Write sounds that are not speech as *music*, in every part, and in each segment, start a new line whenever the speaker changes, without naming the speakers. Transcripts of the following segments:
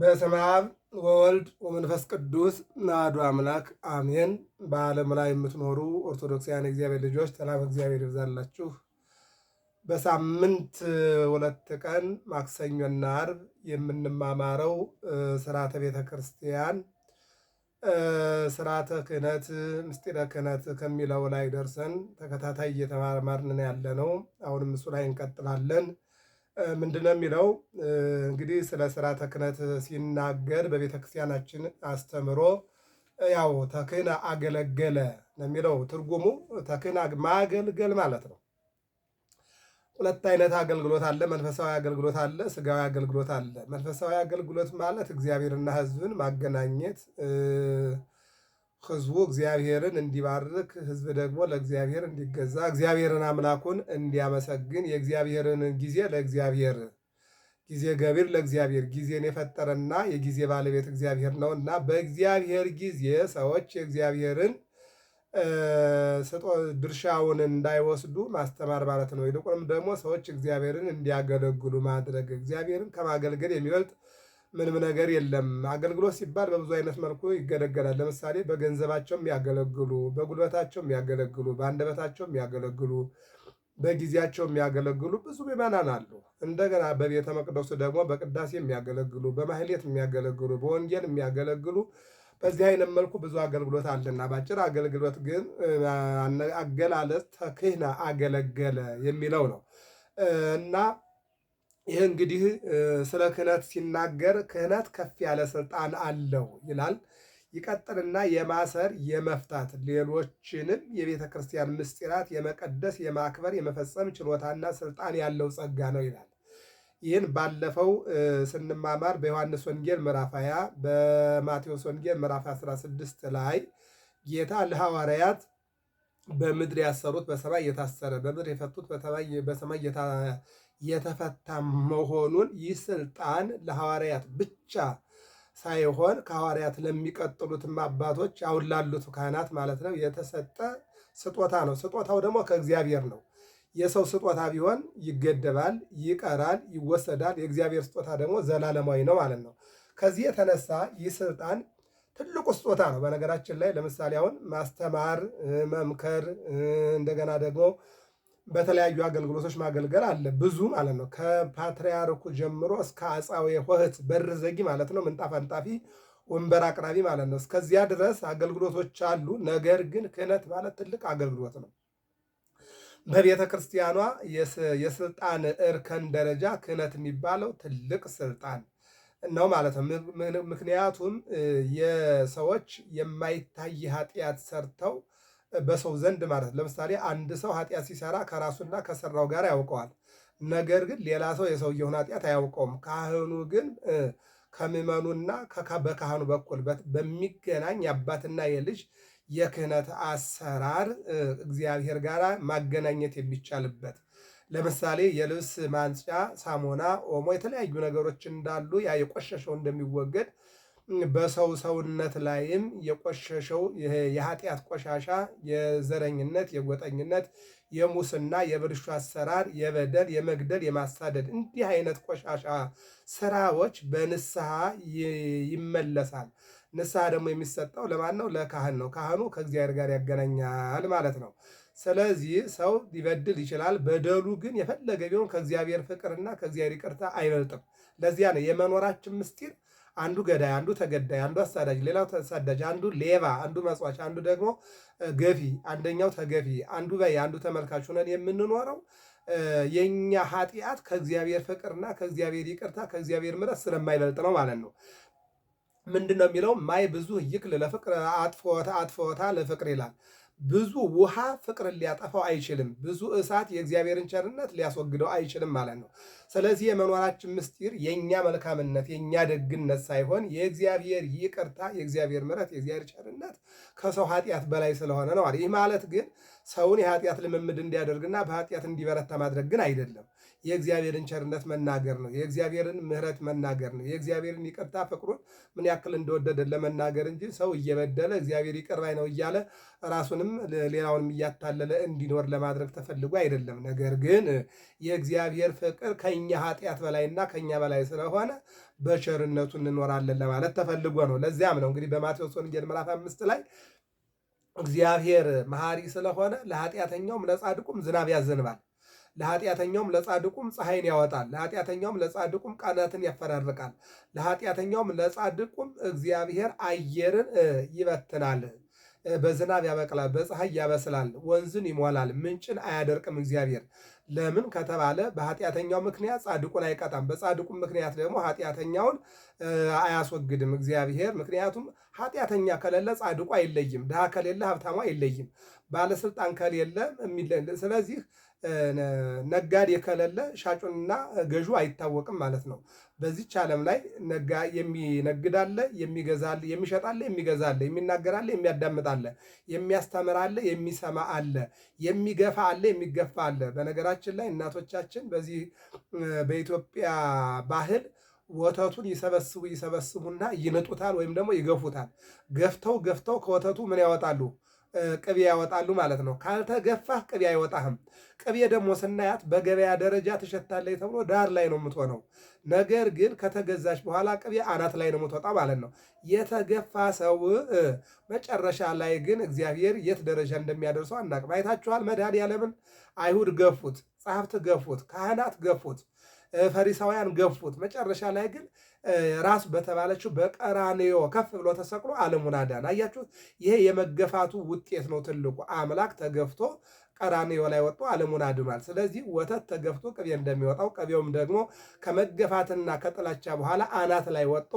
በስመ አብ ወወልድ ወመንፈስ ቅዱስ ናዱ አምላክ አሜን። በዓለም ላይ የምትኖሩ ኦርቶዶክሳውያን እግዚአብሔር ልጆች ሰላም እግዚአብሔር ይብዛላችሁ። በሳምንት ሁለት ቀን ማክሰኞና አርብ የምንማማረው ስርዓተ ቤተ ክርስቲያን ስርዓተ ክህነት፣ ምስጢረ ክህነት ከሚለው ላይ ደርሰን ተከታታይ እየተማማርን ያለ ነው። አሁንም እሱ ላይ እንቀጥላለን። ምንድነው የሚለው እንግዲህ ስለ ስርዓተ ክህነት ሲናገር በቤተ ክርስቲያናችን አስተምሮ ያው ተክህን አገለገለ ነው የሚለው ትርጉሙ። ተክህን ማገልገል ማለት ነው። ሁለት አይነት አገልግሎት አለ። መንፈሳዊ አገልግሎት አለ፣ ስጋዊ አገልግሎት አለ። መንፈሳዊ አገልግሎት ማለት እግዚአብሔርና ህዝብን ማገናኘት ህዝቡ እግዚአብሔርን እንዲባርክ ህዝብ ደግሞ ለእግዚአብሔር እንዲገዛ እግዚአብሔርን አምላኩን እንዲያመሰግን የእግዚአብሔርን ጊዜ ለእግዚአብሔር ጊዜ ገቢር ለእግዚአብሔር ጊዜን የፈጠረና የጊዜ ባለቤት እግዚአብሔር ነው እና በእግዚአብሔር ጊዜ ሰዎች የእግዚአብሔርን ድርሻውን እንዳይወስዱ ማስተማር ማለት ነው። ይልቁንም ደግሞ ሰዎች እግዚአብሔርን እንዲያገለግሉ ማድረግ እግዚአብሔርን ከማገልገል የሚበልጥ ምንም ነገር የለም። አገልግሎት ሲባል በብዙ አይነት መልኩ ይገለገላል። ለምሳሌ በገንዘባቸው የሚያገለግሉ፣ በጉልበታቸው የሚያገለግሉ፣ በአንደበታቸው የሚያገለግሉ፣ በጊዜያቸው የሚያገለግሉ ብዙ ምዕመናን አሉ። እንደገና በቤተ መቅደሱ ደግሞ በቅዳሴ የሚያገለግሉ፣ በማህሌት የሚያገለግሉ፣ በወንጌል የሚያገለግሉ በዚህ አይነት መልኩ ብዙ አገልግሎት አለና በአጭር አገልግሎት ግን አገላለጽ ተክህነ አገለገለ የሚለው ነው እና ይህ እንግዲህ ስለ ክህነት ሲናገር ክህነት ከፍ ያለ ስልጣን አለው ይላል። ይቀጥልና የማሰር የመፍታት ሌሎችንም የቤተ ክርስቲያን ምስጢራት የመቀደስ የማክበር የመፈጸም ችሎታና ስልጣን ያለው ጸጋ ነው ይላል። ይህን ባለፈው ስንማማር በዮሐንስ ወንጌል ምዕራፍ 20 በማቴዎስ ወንጌል ምዕራፍ 16 ላይ ጌታ ለሐዋርያት በምድር ያሰሩት በሰማይ የታሰረ በምድር የፈቱት በሰማይ የተፈታ መሆኑን ይህ ስልጣን ለሐዋርያት ብቻ ሳይሆን ከሐዋርያት ለሚቀጥሉትም አባቶች አሁን ላሉት ካህናት ማለት ነው የተሰጠ ስጦታ ነው። ስጦታው ደግሞ ከእግዚአብሔር ነው። የሰው ስጦታ ቢሆን ይገደባል፣ ይቀራል፣ ይወሰዳል። የእግዚአብሔር ስጦታ ደግሞ ዘላለማዊ ነው ማለት ነው። ከዚህ የተነሳ ይህ ስልጣን ትልቁ ስጦታ ነው። በነገራችን ላይ ለምሳሌ አሁን ማስተማር፣ መምከር እንደገና ደግሞ በተለያዩ አገልግሎቶች ማገልገል አለ። ብዙ ማለት ነው። ከፓትርያርኩ ጀምሮ እስከ አፃዊ ሆህት በር ዘጊ ማለት ነው፣ ምንጣፍ አንጣፊ፣ ወንበር አቅራቢ ማለት ነው። እስከዚያ ድረስ አገልግሎቶች አሉ። ነገር ግን ክህነት ማለት ትልቅ አገልግሎት ነው። በቤተ ክርስቲያኗ የስልጣን እርከን ደረጃ ክህነት የሚባለው ትልቅ ስልጣን ነው ማለት ነው። ምክንያቱም የሰዎች የማይታይ ኃጢአት ሰርተው በሰው ዘንድ ማለት ለምሳሌ አንድ ሰው ኃጢአት ሲሰራ ከራሱና ከሰራው ጋር ያውቀዋል። ነገር ግን ሌላ ሰው የሰውየውን ኃጢአት አያውቀውም። ካህኑ ግን ከምዕመኑና በካህኑ በኩል በሚገናኝ የአባትና የልጅ የክህነት አሰራር እግዚአብሔር ጋር ማገናኘት የሚቻልበት ለምሳሌ የልብስ ማንጫ፣ ሳሙና፣ ኦሞ የተለያዩ ነገሮች እንዳሉ ያ የቆሸሸው እንደሚወገድ በሰው ሰውነት ላይም የቆሸሸው የኃጢአት ቆሻሻ የዘረኝነት፣ የጎጠኝነት፣ የሙስና፣ የብልሹ አሰራር፣ የበደል፣ የመግደል፣ የማሳደድ እንዲህ አይነት ቆሻሻ ስራዎች በንስሐ ይመለሳል። ንስሐ ደግሞ የሚሰጠው ለማን ነው? ለካህን ነው። ካህኑ ከእግዚአብሔር ጋር ያገናኛል ማለት ነው። ስለዚህ ሰው ሊበድል ይችላል። በደሉ ግን የፈለገ ቢሆን ከእግዚአብሔር ፍቅርና ከእግዚአብሔር ይቅርታ አይበልጥም። ለዚያ ነው የመኖራችን ምስጢር አንዱ ገዳይ፣ አንዱ ተገዳይ፣ አንዱ አሳዳጅ፣ ሌላው ተሳዳጅ፣ አንዱ ሌባ፣ አንዱ መጽዋች፣ አንዱ ደግሞ ገፊ፣ አንደኛው ተገፊ፣ አንዱ በይ፣ አንዱ ተመልካች ሆነን የምንኖረው የእኛ ኃጢአት ከእግዚአብሔር ፍቅርና ከእግዚአብሔር ይቅርታ ከእግዚአብሔር ምረት ስለማይበልጥ ነው ማለት ነው። ምንድን ነው የሚለው ማይ ብዙ ይክል ለፍቅር አጥፎታ አጥፎታ ለፍቅር ይላል ብዙ ውሃ ፍቅርን ሊያጠፋው አይችልም። ብዙ እሳት የእግዚአብሔርን ቸርነት ሊያስወግደው አይችልም ማለት ነው። ስለዚህ የመኖራችን ምስጢር የእኛ መልካምነት፣ የእኛ ደግነት ሳይሆን የእግዚአብሔር ይቅርታ፣ የእግዚአብሔር ምሕረት፣ የእግዚአብሔር ቸርነት ከሰው ኃጢአት በላይ ስለሆነ ነው። ይህ ማለት ግን ሰውን የኃጢአት ልምምድ እንዲያደርግና በኃጢአት እንዲበረታ ማድረግ ግን አይደለም። የእግዚአብሔርን ቸርነት መናገር ነው። የእግዚአብሔርን ምሕረት መናገር ነው። የእግዚአብሔርን ይቅርታ ፍቅሩን ምን ያክል እንደወደደን ለመናገር እንጂ ሰው እየበደለ እግዚአብሔር ይቅር ባይ ነው እያለ ራሱንም ሌላውንም እያታለለ እንዲኖር ለማድረግ ተፈልጎ አይደለም። ነገር ግን የእግዚአብሔር ፍቅር ከኛ ኃጢአት በላይና ከኛ በላይ ስለሆነ በቸርነቱ እንኖራለን ለማለት ተፈልጎ ነው። ለዚያም ነው እንግዲህ በማቴዎስ ወንጌል ምዕራፍ አምስት ላይ እግዚአብሔር መሐሪ ስለሆነ ለኃጢአተኛውም ለጻድቁም ዝናብ ያዘንባል ለኃጢአተኛውም ለጻድቁም ፀሐይን ያወጣል፣ ለኃጢአተኛውም ለጻድቁም ቀናትን ያፈራርቃል፣ ለኃጢአተኛውም ለጻድቁም እግዚአብሔር አየርን ይበትናል። በዝናብ ያበቅላል፣ በፀሐይ ያበስላል፣ ወንዝን ይሞላል፣ ምንጭን አያደርቅም። እግዚአብሔር ለምን ከተባለ በኃጢአተኛው ምክንያት ጻድቁን አይቀጣም፣ በጻድቁም ምክንያት ደግሞ ኃጢአተኛውን አያስወግድም እግዚአብሔር። ምክንያቱም ኃጢአተኛ ከሌለ ጻድቁ አይለይም፣ ድሃ ከሌለ ሀብታሙ አይለይም፣ ባለስልጣን ከሌለ። ስለዚህ ነጋዴ ከሌለ ሻጩንና ገዡ አይታወቅም ማለት ነው። በዚች ዓለም ላይ የሚነግዳለ፣ የሚገዛለ፣ የሚሸጣለ፣ የሚገዛለ፣ የሚናገራለ፣ የሚያዳምጣለ፣ የሚያስተምራለ፣ የሚሰማ አለ፣ የሚገፋ አለ፣ የሚገፋ አለ። በነገራችን ላይ እናቶቻችን በዚህ በኢትዮጵያ ባህል ወተቱን ይሰበስቡ ይሰበስቡና ይንጡታል፣ ወይም ደግሞ ይገፉታል። ገፍተው ገፍተው ከወተቱ ምን ያወጣሉ? ቅቤ ያወጣሉ ማለት ነው። ካልተገፋህ ቅቤ አይወጣህም። ቅቤ ደግሞ ስናያት በገበያ ደረጃ ትሸታለች ተብሎ ዳር ላይ ነው የምትሆነው። ነገር ግን ከተገዛች በኋላ ቅቤ አናት ላይ ነው የምትወጣ ማለት ነው። የተገፋ ሰው መጨረሻ ላይ ግን እግዚአብሔር የት ደረጃ እንደሚያደርሰው አናቅም። አይታችኋል። መድኃኔዓለምን አይሁድ ገፉት፣ ጸሐፍት ገፉት፣ ካህናት ገፉት። ፈሪሳውያን ገፉት። መጨረሻ ላይ ግን ራሱ በተባለችው በቀራንዮ ከፍ ብሎ ተሰቅሎ ዓለሙን አዳነ። አያችሁት? ይሄ የመገፋቱ ውጤት ነው። ትልቁ አምላክ ተገፍቶ ቀራንዮ ላይ ወጥቶ ዓለሙን አድኗል። ስለዚህ ወተት ተገፍቶ ቅቤ እንደሚወጣው ቅቤውም ደግሞ ከመገፋትና ከጥላቻ በኋላ አናት ላይ ወጥቶ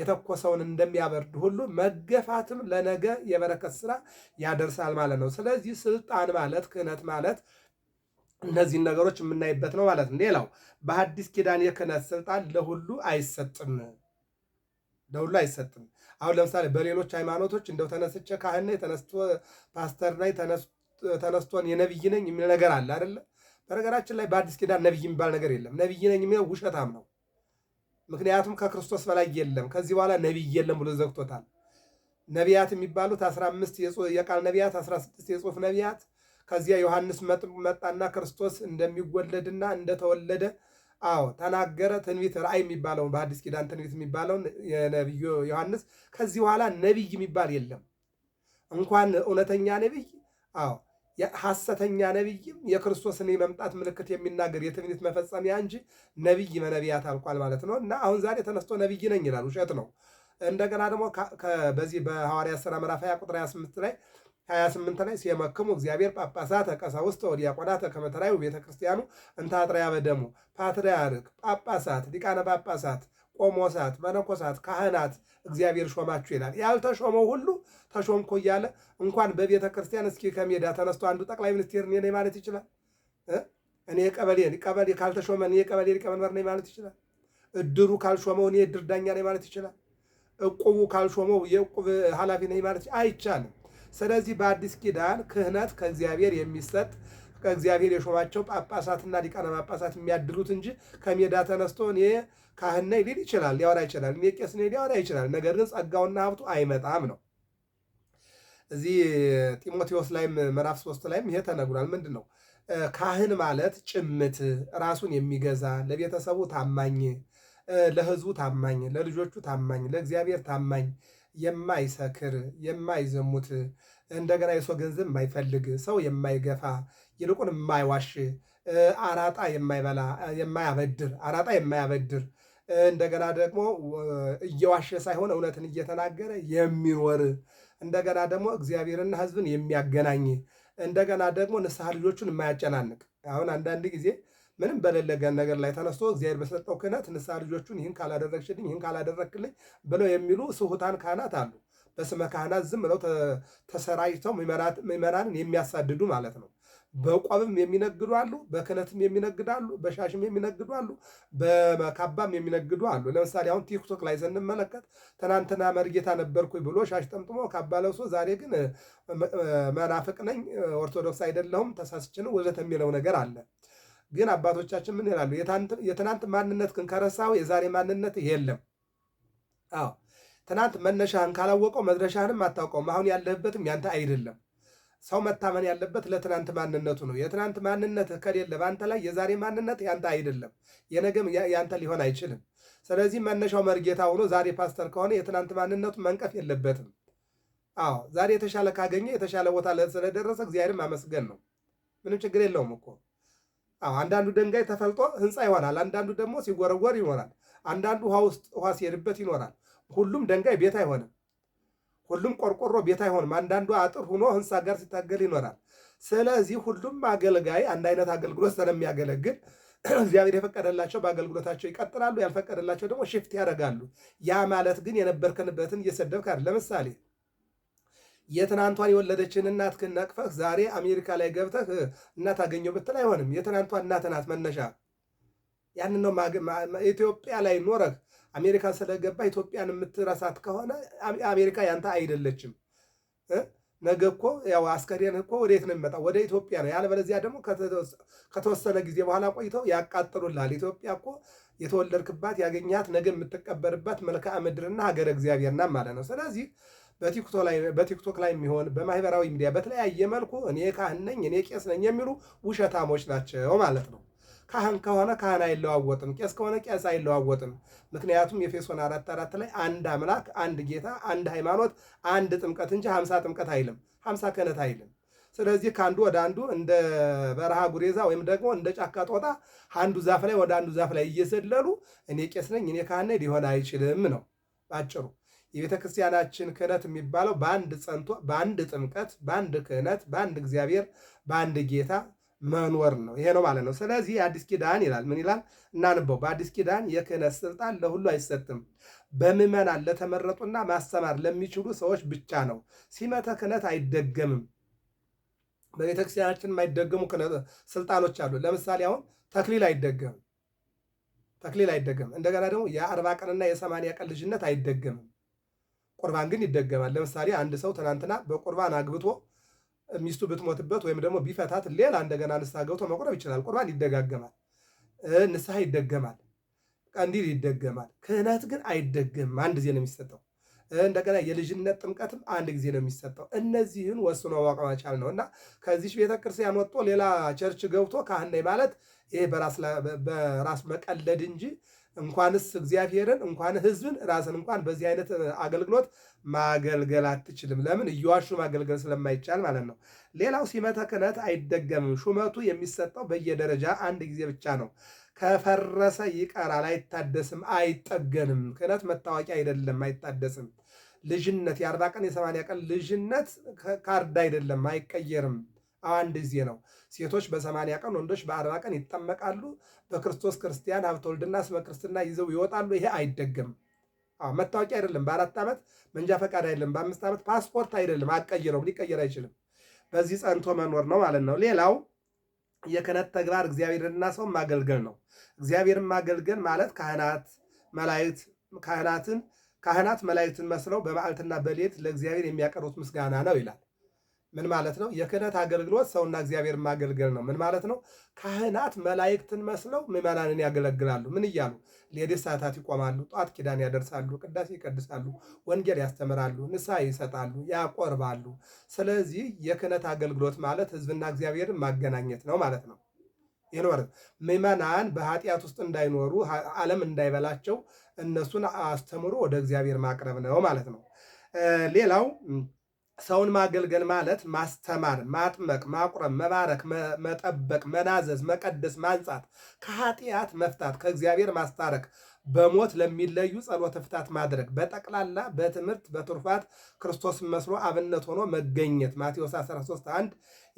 የተኮሰውን እንደሚያበርድ ሁሉ መገፋትም ለነገ የበረከት ስራ ያደርሳል ማለት ነው። ስለዚህ ስልጣን ማለት ክህነት ማለት እነዚህን ነገሮች የምናይበት ነው ማለት ነው። ሌላው በአዲስ ኪዳን የክህነት ስልጣን ለሁሉ አይሰጥም፣ ለሁሉ አይሰጥም። አሁን ለምሳሌ በሌሎች ሃይማኖቶች እንደው ተነስቼ ካህን ተነስቶ ፓስተር ላይ ተነስቶን የነብይ ነኝ የሚል ነገር አለ አይደለ? በነገራችን ላይ በአዲስ ኪዳን ነብይ የሚባል ነገር የለም። ነብይ ነኝ የሚለው ውሸታም ነው። ምክንያቱም ከክርስቶስ በላይ የለም፣ ከዚህ በኋላ ነቢይ የለም ብሎ ዘግቶታል። ነቢያት የሚባሉት አስራ አምስት የቃል ነቢያት፣ አስራ ስድስት የጽሑፍ ነቢያት ከዚያ ዮሐንስ መጣና ክርስቶስ እንደሚወለድና እንደተወለደ አዎ ተናገረ። ትንቢት ራእይ የሚባለውን በአዲስ ኪዳን ትንቢት የሚባለውን የነቢዩ ዮሐንስ ከዚህ በኋላ ነቢይ የሚባል የለም። እንኳን እውነተኛ ነቢይ አዎ ሐሰተኛ ነቢይም የክርስቶስን የመምጣት ምልክት የሚናገር የትንቢት መፈጸሚያ እንጂ ነቢይ መነቢያት አልቋል ማለት ነው። እና አሁን ዛሬ ተነስቶ ነቢይ ነኝ ይላል፣ ውሸት ነው። እንደገና ደግሞ በዚህ በሐዋርያ ሥራ ምዕራፍ 20 ቁጥር 28 ላይ 28 ላይ ሲመክሙ እግዚአብሔር ጳጳሳተ ቀሳውስተ ወዲያቆናተ ከመ ተራዩ ቤተ ክርስቲያኑ እንተ አጥርያ በደሙ ፓትርያርክ፣ ጳጳሳት፣ ሊቃነ ጳጳሳት፣ ቆሞሳት፣ መነኮሳት፣ ካህናት እግዚአብሔር ሾማችሁ ይላል። ያልተሾመው ሁሉ ተሾምኮ እያለ እንኳን በቤተ ክርስቲያን እስኪ ከሜዳ ተነስቶ አንዱ ጠቅላይ ሚኒስቴር እኔ ነኝ ማለት ይችላል። እኔ ቀበሌ ቀበሌ ካልተሾመ እኔ ቀበሌ ሊቀመንበር ነኝ ማለት ይችላል። እድሩ ካልሾመው እኔ እድር ዳኛ ነኝ ማለት ይችላል። እቁቡ ካልሾመው የእቁብ ኃላፊ ነኝ ማለት አይቻልም። ስለዚህ በአዲስ ኪዳን ክህነት ከእግዚአብሔር የሚሰጥ ከእግዚአብሔር የሾማቸው ጳጳሳትና ሊቃነ ጳጳሳት የሚያድሉት እንጂ ከሜዳ ተነስቶ እኔ ካህን ነኝ ሊል ይችላል፣ ሊያወራ ይችላል። እኔ ቄስ ነኝ ሊያወራ ይችላል። ነገር ግን ጸጋውና ሀብቱ አይመጣም ነው። እዚህ ጢሞቴዎስ ላይም ምዕራፍ ሶስት ላይም ይሄ ተነግሯል። ምንድን ነው ካህን ማለት ጭምት፣ ራሱን የሚገዛ ለቤተሰቡ ታማኝ፣ ለህዝቡ ታማኝ፣ ለልጆቹ ታማኝ፣ ለእግዚአብሔር ታማኝ የማይሰክር የማይዘሙት እንደገና የሰው ገንዘብ የማይፈልግ ሰው የማይገፋ ይልቁን የማይዋሽ አራጣ የማይበላ የማያበድር አራጣ የማያበድር እንደገና ደግሞ እየዋሸ ሳይሆን እውነትን እየተናገረ የሚኖር እንደገና ደግሞ እግዚአብሔርና ሕዝብን የሚያገናኝ እንደገና ደግሞ ንስሐ ልጆቹን የማያጨናንቅ አሁን አንዳንድ ጊዜ ምንም በሌለ ነገር ላይ ተነስቶ እግዚአብሔር በሰጠው ክህነት ንስሐ ልጆቹን ይህን ካላደረግሽልኝ ይህን ካላደረግክልኝ ብለው የሚሉ ስሁታን ካህናት አሉ። በስመ ካህናት ዝም ብለው ተሰራጅተው ምዕመናንን የሚያሳድዱ ማለት ነው። በቋብም የሚነግዱ አሉ፣ በክህነትም የሚነግዱ አሉ፣ በሻሽም የሚነግዱ አሉ፣ በመካባም የሚነግዱ አሉ። ለምሳሌ አሁን ቲክቶክ ላይ ስንመለከት ትናንትና መርጌታ ነበርኩ ብሎ ሻሽ ጠምጥሞ ካባ ለብሶ ዛሬ ግን መናፍቅ ነኝ ኦርቶዶክስ አይደለሁም ተሳስችን ወዘተ የሚለው ነገር አለ። ግን አባቶቻችን ምን ይላሉ? የትናንት ማንነት ግን ከረሳው የዛሬ ማንነት የለም። አዎ ትናንት መነሻህን ካላወቀው መድረሻህንም አታውቀውም። አሁን ያለህበትም ያንተ አይደለም። ሰው መታመን ያለበት ለትናንት ማንነቱ ነው። የትናንት ማንነት ከሌለ በአንተ ላይ የዛሬ ማንነት ያንተ አይደለም፣ የነገም ያንተ ሊሆን አይችልም። ስለዚህ መነሻው መርጌታ ሆኖ ዛሬ ፓስተር ከሆነ የትናንት ማንነቱ መንቀፍ የለበትም። አዎ ዛሬ የተሻለ ካገኘ የተሻለ ቦታ ስለደረሰ እግዚአብሔርም አመስገን ነው። ምንም ችግር የለውም እኮ አንዳንዱ ድንጋይ ተፈልጦ ህንፃ ይሆናል። አንዳንዱ ደግሞ ሲጎረጎር ይኖራል። አንዳንዱ ውሃ ውስጥ ውሃ ሲሄድበት ይኖራል። ሁሉም ድንጋይ ቤት አይሆንም። ሁሉም ቆርቆሮ ቤት አይሆንም። አንዳንዱ አጥር ሆኖ ህንፃ ጋር ሲታገል ይኖራል። ስለዚህ ሁሉም አገልጋይ አንድ አይነት አገልግሎት ስለሚያገለግል *clears throat* እግዚአብሔር የፈቀደላቸው በአገልግሎታቸው ይቀጥላሉ፣ ያልፈቀደላቸው ደግሞ ሽፍት ያደርጋሉ። ያ ማለት ግን የነበርከንበትን እየሰደብክ ለምሳሌ የትናንቷን የወለደችን እናት ክነቅፈህ ዛሬ አሜሪካ ላይ ገብተህ እናት አገኘው ብትል አይሆንም። የትናንቷ እናትህ ናት መነሻ። ያን ነው ኢትዮጵያ ላይ ኖረህ አሜሪካ ስለገባ ኢትዮጵያን የምትረሳት ከሆነ አሜሪካ ያንተ አይደለችም። ነገ እኮ ያው አስከሬን እኮ ወዴት ነው የሚመጣው? ወደ ኢትዮጵያ ነው። ያለበለዚያ ደግሞ ከተወሰነ ጊዜ በኋላ ቆይተው ያቃጥሉልሃል። ኢትዮጵያ እኮ የተወለድክባት ያገኛት ነገ የምትቀበርባት መልክዓ ምድርና ሀገረ እግዚአብሔርና ማለት ነው። ስለዚህ በቲክቶክ ላይ የሚሆን በማህበራዊ ሚዲያ በተለያየ መልኩ እኔ ካህን ነኝ እኔ ቄስ ነኝ የሚሉ ውሸታሞች ናቸው ማለት ነው። ካህን ከሆነ ካህን አይለዋወጥም፣ ቄስ ከሆነ ቄስ አይለዋወጥም። ምክንያቱም ኤፌሶን አራት አራት ላይ አንድ አምላክ አንድ ጌታ አንድ ሃይማኖት አንድ ጥምቀት እንጂ ሀምሳ ጥምቀት አይልም፣ ሀምሳ ክህነት አይልም። ስለዚህ ከአንዱ ወደ አንዱ እንደ በረሃ ጉሬዛ ወይም ደግሞ እንደ ጫካ ጦጣ አንዱ ዛፍ ላይ ወደ አንዱ ዛፍ ላይ እየዘለሉ እኔ ቄስ ነኝ እኔ ካህን ነኝ ሊሆን አይችልም ነው ባጭሩ። የቤተ ክርስቲያናችን ክህነት የሚባለው በአንድ ጸንቶ በአንድ ጥምቀት፣ በአንድ ክህነት፣ በአንድ እግዚአብሔር፣ በአንድ ጌታ መኖር ነው። ይሄ ነው ማለት ነው። ስለዚህ አዲስ ኪዳን ይላል ምን ይላል? እናንበው። በአዲስ ኪዳን የክህነት ስልጣን ለሁሉ አይሰጥም፣ በምዕመናን ለተመረጡና ማስተማር ለሚችሉ ሰዎች ብቻ ነው። ሲመተ ክህነት አይደገምም። በቤተ ክርስቲያናችን የማይደገሙ ስልጣኖች አሉ። ለምሳሌ አሁን ተክሊል አይደገምም። ተክሊል አይደገምም። እንደገና ደግሞ የአርባ ቀንና የሰማንያ ቀን ልጅነት አይደገምም። ቁርባን ግን ይደገማል። ለምሳሌ አንድ ሰው ትናንትና በቁርባን አግብቶ ሚስቱ ብትሞትበት ወይም ደግሞ ቢፈታት ሌላ እንደገና ንስሐ ገብቶ መቁረብ ይችላል። ቁርባን ይደጋገማል። ንስሐ ይደገማል። ቀንዲል ይደገማል። ክህነት ግን አይደገምም። አንድ ጊዜ ነው የሚሰጠው። እንደገና የልጅነት ጥምቀትም አንድ ጊዜ ነው የሚሰጠው። እነዚህን ወስኖ ማወቅ መቻል ነው እና ከዚች ቤተክርስቲያን ወጥቶ ሌላ ቸርች ገብቶ ካህን ነኝ ማለት ይሄ በራስ መቀለድ እንጂ እንኳንስ እግዚአብሔርን እንኳን ሕዝብን ራስን እንኳን በዚህ አይነት አገልግሎት ማገልገል አትችልም። ለምን እየዋሹ ማገልገል ስለማይቻል ማለት ነው። ሌላው ሲመተ ክህነት አይደገምም። ሹመቱ የሚሰጠው በየደረጃ አንድ ጊዜ ብቻ ነው። ከፈረሰ ይቀራል፣ አይታደስም፣ አይጠገንም። ክህነት መታወቂያ አይደለም፣ አይታደስም። ልጅነት የአርባ ቀን የሰማንያ ቀን ልጅነት ካርድ አይደለም፣ አይቀየርም። አንድ ጊዜ ነው። ሴቶች በሰማንያ ቀን ወንዶች በአርባ ቀን ይጠመቃሉ። በክርስቶስ ክርስቲያን ሀብተ ወልድና ስመ ክርስትና ይዘው ይወጣሉ። ይሄ አይደገም። መታወቂያ አይደለም፣ በአራት ዓመት መንጃ ፈቃድ አይደለም፣ በአምስት ዓመት ፓስፖርት አይደለም። አቀይረው ሊቀየር አይችልም። በዚህ ጸንቶ መኖር ነው ማለት ነው። ሌላው የክህነት ተግባር እግዚአብሔርና ሰው ማገልገል ነው። እግዚአብሔርን ማገልገል ማለት ካህናት መላእክት ካህናትን ካህናት መላእክትን መስለው በመዓልትና በሌት ለእግዚአብሔር የሚያቀርቡት ምስጋና ነው ይላል። ምን ማለት ነው? የክህነት አገልግሎት ሰውና እግዚአብሔር ማገልገል ነው። ምን ማለት ነው? ካህናት መላእክትን መስለው ምዕመናንን ያገለግላሉ። ምን እያሉ ሌሊት ሰዓታት ይቆማሉ፣ ጧት ኪዳን ያደርሳሉ፣ ቅዳሴ ይቀድሳሉ፣ ወንጌል ያስተምራሉ፣ ንስሐ ይሰጣሉ፣ ያቆርባሉ። ስለዚህ የክህነት አገልግሎት ማለት ህዝብና እግዚአብሔርን ማገናኘት ነው ማለት ነው። ይህ ማለት ምዕመናን በኃጢአት ውስጥ እንዳይኖሩ ዓለም እንዳይበላቸው እነሱን አስተምሮ ወደ እግዚአብሔር ማቅረብ ነው ማለት ነው። ሌላው ሰውን ማገልገል ማለት ማስተማር፣ ማጥመቅ፣ ማቁረብ፣ መባረክ፣ መጠበቅ፣ መናዘዝ፣ መቀደስ፣ ማንጻት፣ ከኃጢአት መፍታት፣ ከእግዚአብሔር ማስታረቅ፣ በሞት ለሚለዩ ጸሎተ ፍታት ማድረግ፣ በጠቅላላ በትምህርት በትሩፋት ክርስቶስን መስሎ አብነት ሆኖ መገኘት ማቴዎስ 13 1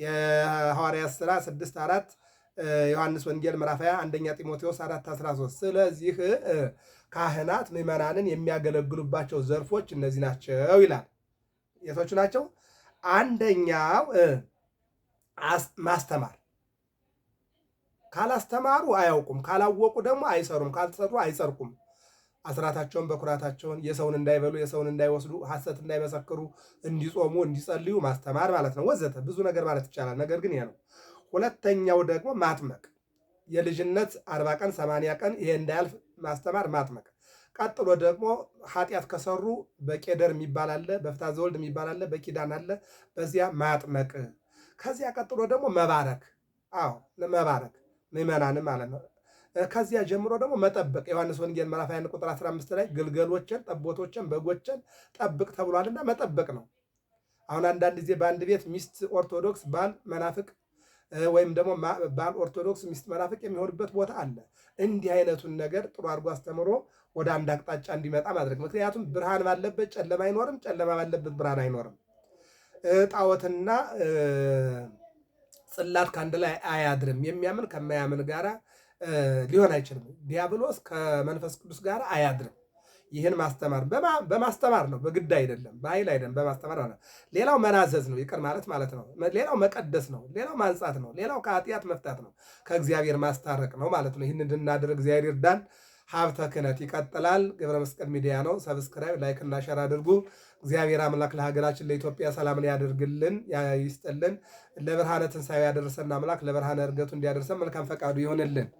የሐዋርያት ሥራ 6 4 ዮሐንስ ወንጌል ምዕራፍ 20 አንደኛ ጢሞቴዎስ 4 13 ስለዚህ ካህናት ምዕመናንን የሚያገለግሉባቸው ዘርፎች እነዚህ ናቸው ይላል። የቶቹ ናቸው። አንደኛው ማስተማር። ካላስተማሩ አያውቁም፣ ካላወቁ ደግሞ አይሰሩም፣ ካልተሰሩ አይጸርቁም አስራታቸውን በኩራታቸውን የሰውን እንዳይበሉ የሰውን እንዳይወስዱ ሐሰት እንዳይመሰክሩ እንዲጾሙ እንዲጸልዩ ማስተማር ማለት ነው፣ ወዘተ ብዙ ነገር ማለት ይቻላል። ነገር ግን ይሄ ነው። ሁለተኛው ደግሞ ማጥመቅ የልጅነት አርባ ቀን ሰማንያ ቀን ይሄ እንዳያልፍ ማስተማር ማጥመቅ ቀጥሎ ደግሞ ኃጢአት ከሰሩ በቄደር የሚባል አለ፣ በፍትሐ ዘወልድ የሚባል አለ፣ በኪዳን አለ። በዚያ ማጥመቅ። ከዚያ ቀጥሎ ደግሞ መባረክ። አዎ መባረክ ምዕመናንም ማለት ነው። ከዚያ ጀምሮ ደግሞ መጠበቅ። ዮሐንስ ወንጌል ምዕራፍ 21 ቁጥር 15 ላይ ግልገሎችን፣ ጠቦቶችን፣ በጎችን ጠብቅ ተብሏልና መጠበቅ ነው። አሁን አንዳንድ ጊዜ በአንድ ቤት ሚስት ኦርቶዶክስ፣ ባል መናፍቅ ወይም ደግሞ ባል ኦርቶዶክስ ሚስት መናፍቅ የሚሆንበት ቦታ አለ። እንዲህ አይነቱን ነገር ጥሩ አድርጎ አስተምሮ ወደ አንድ አቅጣጫ እንዲመጣ ማድረግ። ምክንያቱም ብርሃን ባለበት ጨለማ አይኖርም፣ ጨለማ ባለበት ብርሃን አይኖርም። ጣዖትና ጽላት ከአንድ ላይ አያድርም። የሚያምን ከማያምን ጋር ሊሆን አይችልም። ዲያብሎስ ከመንፈስ ቅዱስ ጋር አያድርም። ይህን ማስተማር በማስተማር ነው፣ በግድ አይደለም፣ በኃይል አይደለም፣ በማስተማር ነው። ሌላው መናዘዝ ነው፣ ይቅር ማለት ማለት ነው። ሌላው መቀደስ ነው፣ ሌላው ማንጻት ነው፣ ሌላው ከኃጢአት መፍታት ነው፣ ከእግዚአብሔር ማስታረቅ ነው ማለት ነው። ይህን እንድናድር እግዚአብሔር ይርዳን። ሀብተ ክህነት ይቀጥላል። ገብረ መስቀል ሚዲያ ነው። ሰብስክራይብ፣ ላይክ እና ሸር አድርጉ። እግዚአብሔር አምላክ ለሀገራችን ለኢትዮጵያ ሰላምን ያደርግልን ይስጥልን። ለብርሃነ ትንሣኤው ያደረሰን አምላክ ለብርሃነ ዕርገቱ እንዲያደርሰን መልካም ፈቃዱ ይሆንልን።